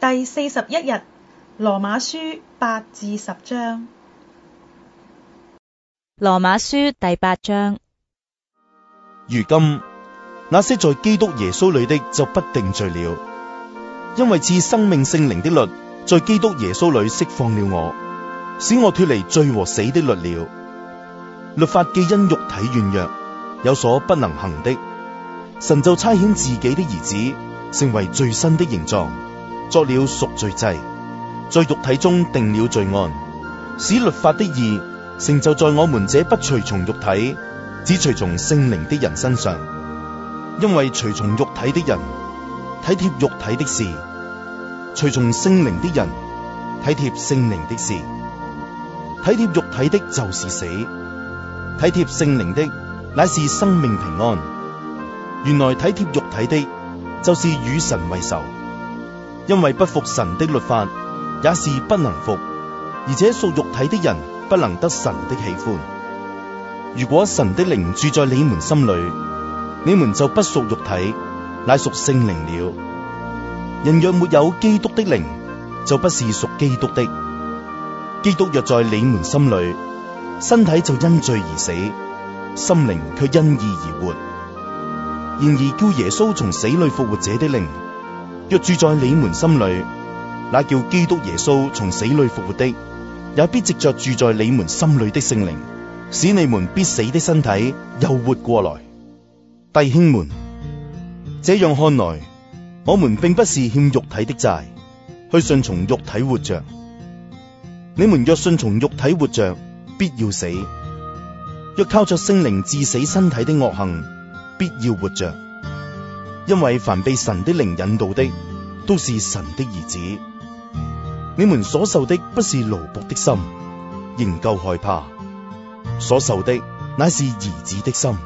第四十一日，羅馬書八至十章。羅馬書第八章。如今，那些在基督耶穌裏的就不定罪了，因為賜生命聖靈的律在基督耶穌裏釋放了我，使我脫離罪和死的律了。律法既因肉體軟弱有所不能行的，神就差遣自己的兒子成為最新的形狀。作了贖罪祭，在肉體中定了罪案，使律法的義成就在我們這不隨從肉體，只隨從聖靈的人身上。因為隨從肉體的人，體貼肉體的事；隨從聖靈的人，體貼聖靈的事。體貼肉體的就是死，體貼聖靈的乃是生命平安。原來體貼肉體的，就是與神為仇。因為不服神的律法，也是不能服；而且屬肉體的人不能得神的喜歡。如果神的靈住在你們心裏，你們就不屬肉體，乃屬聖靈了。人若沒有基督的靈，就不是屬基督的。基督若在你們心裏，身體就因罪而死，心靈卻因義而活。然而叫耶穌從死裏復活者的靈。若住在你們心裏，那叫基督耶穌從死裏復活的，也必藉着住在你們心裏的聖靈，使你們必死的身體又活過來。弟兄們，這樣看來，我們並不是欠肉體的債，去順從肉體活着。你們若順從肉體活着，必要死；若靠着聖靈治死身體的惡行，必要活着。因為凡被神的靈引導的，都是神的兒子。你們所受的不是奴僕的心，仍舊害怕；所受的乃是兒子的心。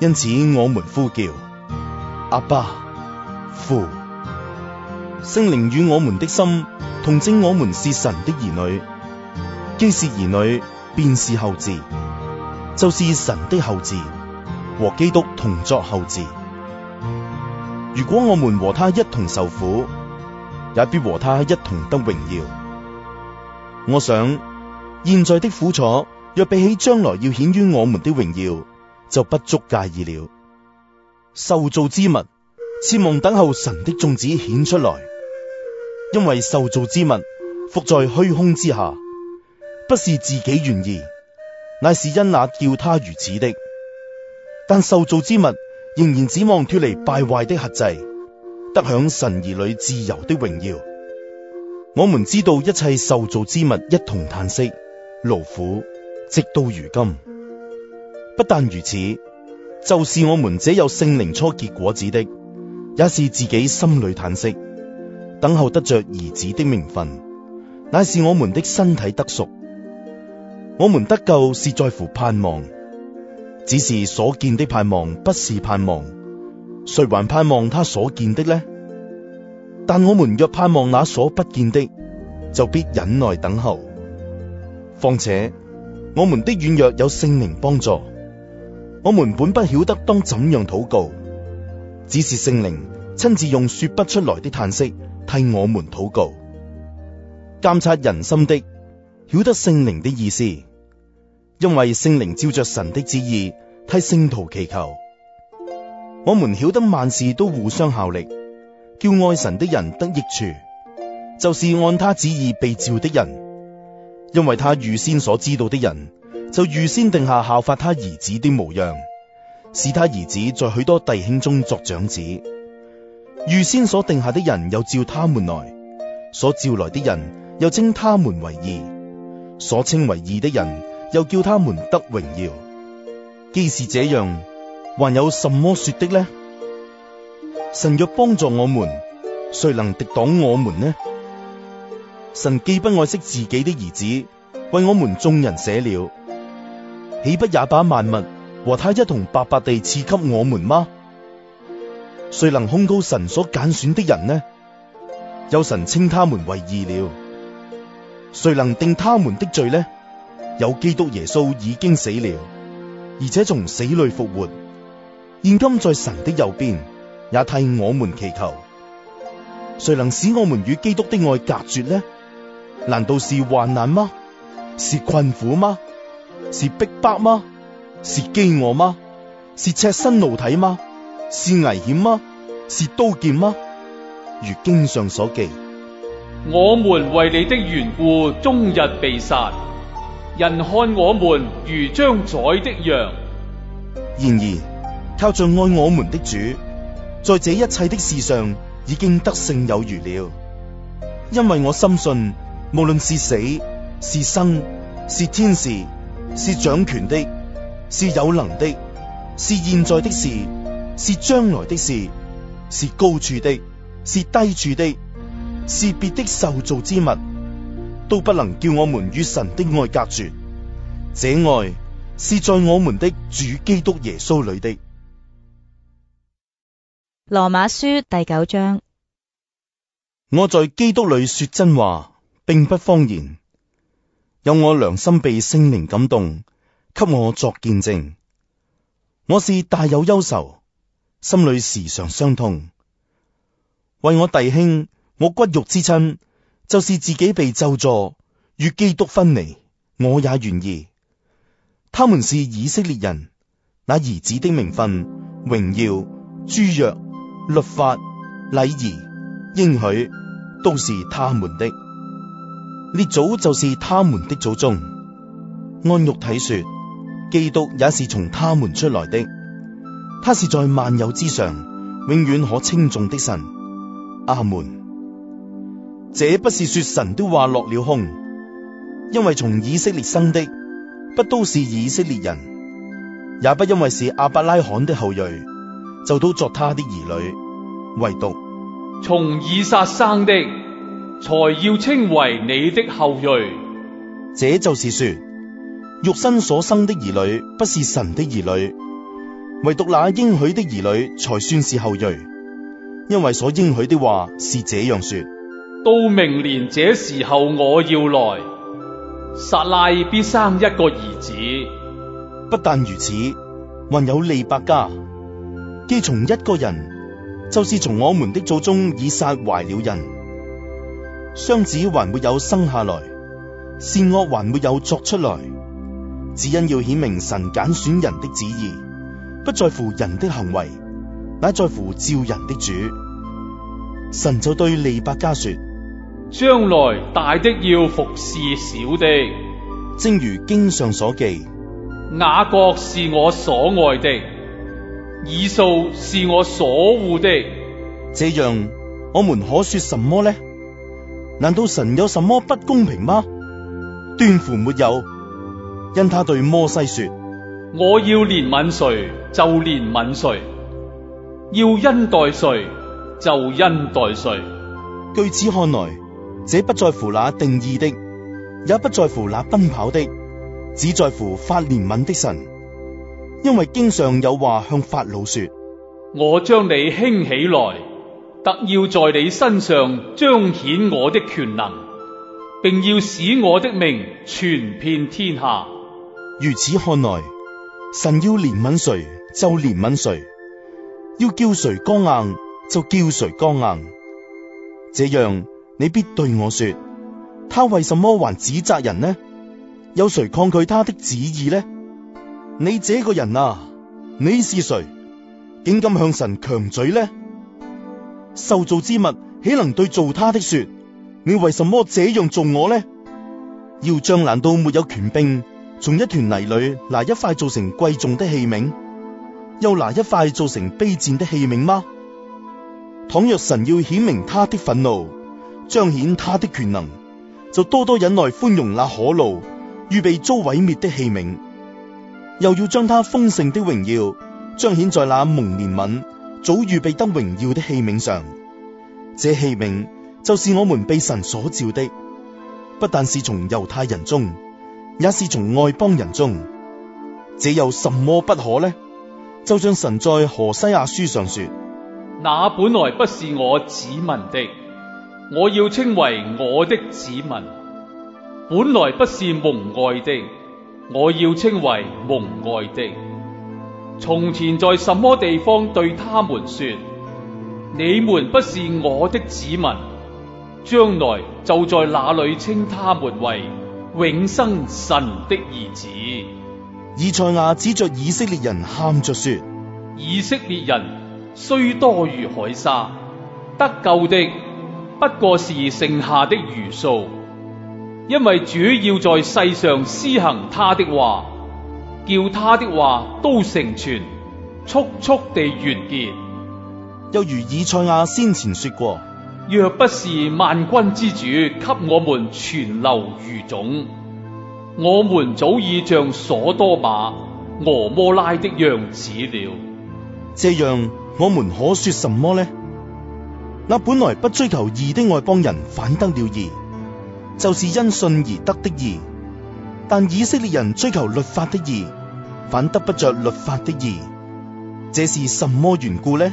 因此我們呼叫：阿爸、父。聖靈與我們的心同證，我們是神的兒女。既是兒女，便是後嗣，就是神的後嗣，和基督同作後嗣。」如果我們和他一同受苦，也必和他一同得榮耀。我想，現在的苦楚，若比起將來要顯於我們的榮耀，就不足介意了。受造之物，切望等候神的眾子顯出來，因為受造之物伏在虛空之下，不是自己願意，乃是因那叫他如此的。但受造之物，仍然指望脫離敗壞的轄制，得享神兒女自由的榮耀。我們知道一切受造之物一同歎息勞苦，直到如今。不但如此，就是我們這有聖靈初結果子的，也是自己心裏歎息，等候得着兒子的名分，乃是我們的身體得贖。我們得救是在乎盼望。只是所見的盼望，不是盼望。誰還盼望他所見的呢？但我們若盼，盼望那所不見的，就必忍耐等候。況且我們的軟弱有聖靈幫助，我們本不曉得當怎樣禱告，只是聖靈親自用說不出來的嘆息替我們禱告，監察人心的，曉得聖靈的意思。因為聖靈照着神的旨意替聖徒祈求，我們曉得萬事都互相效力，叫愛神的人得益處，就是按他旨意被召的人。因為他預先所知道的人，就預先定下效法他兒子的模樣，使他兒子在許多弟兄中作長子。預先所定下的人又召他們來，所召來的人又稱他們為義，所稱為義的人。又叫他們得榮耀，既是這樣，還有什麼說的呢？神若幫助我們，誰能敵擋我們呢？神既不愛惜自己的兒子，為我們眾人捨了，豈不也把萬物和他一同白白地賜給我們嗎？誰能控告神所揀選的人呢？有神稱他們為義了，誰能定他們的罪呢？有基督耶穌已經死了，而且從死裏復活，現今在神的右邊，也替我們祈求。誰能使我們與基督的愛隔絕呢？難道是患難嗎？是困苦嗎？是逼迫嗎？是飢餓嗎？是赤身露體嗎？是危險嗎？是刀劍嗎？如經上所記：我們為你的緣故，終日被殺。人看我們如將宰的羊。然而靠著愛我們的主，在這一切的事上已經得勝有餘了。因為我深信，無論是死、是生、是天使、是掌權的、是有能的、是現在的事、是將來的事、是高處的、是低處的、是別的受造之物。都不能叫我們與神的愛隔絕，這愛是在我們的主基督耶穌裏的。羅馬書第九章，我在基督裏說真話，並不謊言，有我良心被聖靈感動，給我作見證。我是大有憂愁，心裏時常傷痛，為我弟兄，我骨肉之親。就是自己被咒詛，與基督分離，我也願意。他們是以色列人，那兒子的名分、榮耀、諸約、律法、禮儀、應許，都是他們的。列祖就是他們的祖宗。按肉體說，基督也是從他們出來的。他是在萬有之上，永遠可稱頌的神。阿門。這不是說神的話落了空，因為從以色列生的不都是以色列人，也不因為是阿伯拉罕的後裔就都作他的兒女，唯獨從以撒生的才要稱為你的後裔。這就是說，肉身所生的兒女不是神的兒女，唯獨那應許的兒女才算是後裔，因為所應許的話是這樣說。到明年這時候我要來，撒拉必生一個兒子。不但如此，還有利百加。既從一個人，就是從我們的祖宗以撒懷了孕。雙子還沒有生下來，善惡還沒有作出來，只因要顯明神揀選人的旨意，不在乎人的行為，乃在乎召人的主。神就對利百加說。將來大的要服侍小的，正如經上所記：雅各是我所愛的，以掃是我所惡的。這樣，我們可說什麼呢？難道神有什麼不公平嗎？斷乎沒有，因他對摩西說：我要憐憫誰就憐憫誰，要恩待誰就恩待誰。據此看來。這不在乎那定義的，也不在乎那奔跑的，只在乎發憐憫的神，因為經上有話向法老說：我將你興起來，特要在你身上彰顯我的權能，並要使我的名傳遍天下。如此看來，神要憐憫誰就憐憫誰，要叫誰剛硬就叫誰剛硬，這樣。你必對我說：他為什麼還指責人呢？有誰抗拒他的旨意呢？你這個人啊，你是誰？竟敢向神強嘴呢？受造之物豈能對造他的說：你為什麼這樣做我呢？要將難道沒有權柄，從一團泥裏拿一塊做成貴重的器皿，又拿一塊做成卑賤的器皿嗎？倘若神要顯明他的憤怒，彰顯他的權能，就多多忍耐寬容那可怒預備遭毀滅的器皿；又要將他豐盛的榮耀彰顯在那蒙憐憫、早預備得榮耀的器皿上。這器皿就是我們被神所召的，不但是從猶太人中，也是從外邦人中。這又什麼不可呢？就像神在何西阿書上說：那本來不是我子民的。我要稱為我的子民，本來不是蒙愛的，我要稱為蒙愛的。從前在什麼地方對他們說，你們不是我的子民，將來就在那裏稱他們為永生神的兒子。以賽亞指着以色列人喊着說：以色列人雖多如海沙，得救的，不過是剩下的餘數，因為主要在世上施行他的話，叫他的話都成全，速速地完結。又如以賽亞先前說過：若不是萬軍之主給我們存留餘種，我們早已像所多瑪、蛾摩拉的樣子了。這樣，我們可說什麼呢？那本來不追求義的外邦人反得了義，就是因信而得的義。但以色列人追求律法的義，反得不着律法的義。這是什麼緣故呢？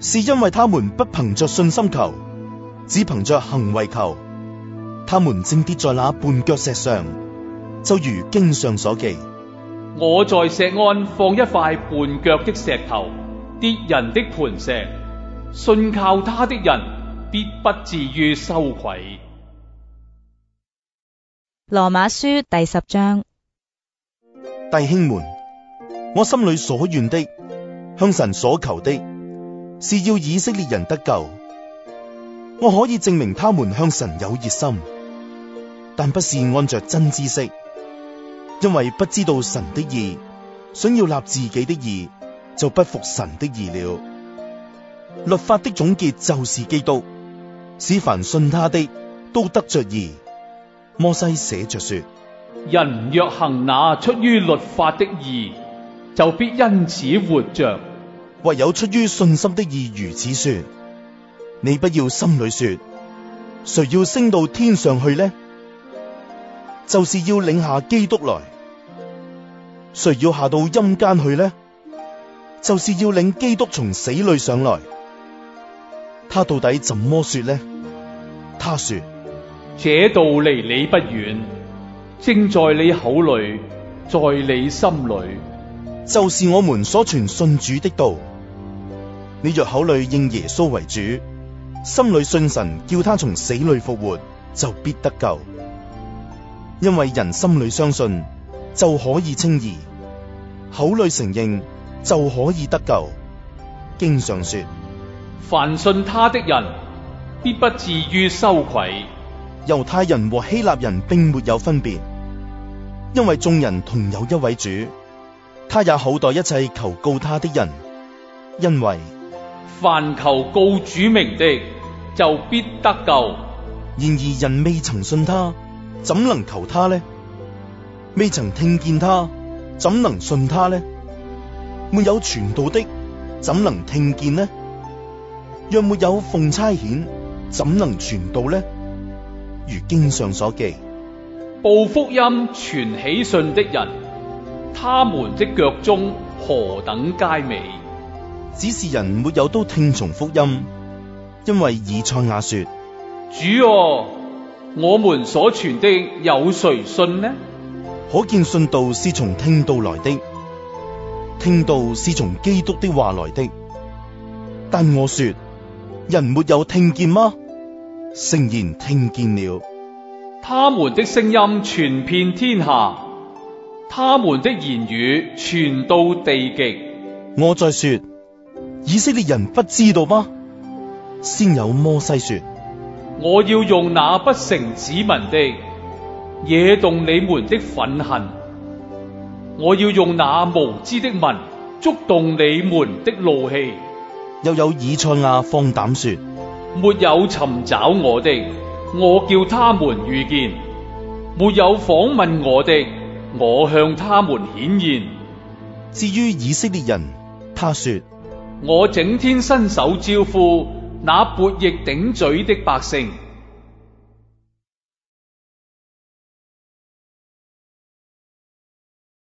是因為他們不憑着信心求，只憑着行為求。他們正跌在那絆腳石上，就如經上所記：我在錫安放一塊絆腳的石頭，跌人的磐石。信靠他的人必不至於羞愧。羅馬書第十章，弟兄們，我心裏所願的、向神所求的，是要以色列人得救。我可以證明他們向神有熱心，但不是按着真知識，因為不知道神的義，想要立自己的義，就不服神的義了。律法的總結就是基督，使凡信他的都得着義。摩西寫着說：人若行那出於律法的義，就必因此活着；唯有出於信心的義，如此說：你不要心裏說，誰要升到天上去呢？就是要領下基督來。誰要下到陰間去呢？就是要領基督從死裏上來。他到底怎麼說呢？他說：這道離你不遠，正在你口裏，在你心裏，就是我們所傳信主的道。你若口裏認耶穌為主，心裏信神，叫他從死裏復活，就必得救。因為人心裏相信就可以稱義，口裏承認就可以得救。經上說。凡信他的人，必不至於羞愧。猶太人和希臘人並沒有分別，因為眾人同有一位主，他也厚待一切求告他的人。因為凡求告主名的，就必得救。然而人未曾信他，怎能求他呢？未曾聽見他，怎能信他呢？沒有傳道的，怎能聽見呢？若沒有奉差遣，怎能傳道呢？如經上所記，報福音傳喜信的人，他們的腳蹤何等佳美！只是人沒有都聽從福音，因為以賽亞說：主啊，我們所傳的有誰信呢？可見信道是從聽道來的，聽道是從基督的話來的。但我說。人沒有聽見嗎？誠然聽見了。他們的聲音傳遍天下，他們的言語傳到地極。我再說，以色列人不知道嗎？先有摩西說：我要用那不成子民的，惹動你們的憤恨；我要用那無知的民，觸動你們的怒氣。又有以賽亞放膽說：沒有尋找我的，我叫他們遇見；沒有訪問我的，我向他們顯現。至於以色列人，他說：我整天伸手招呼那悖逆頂嘴的百姓。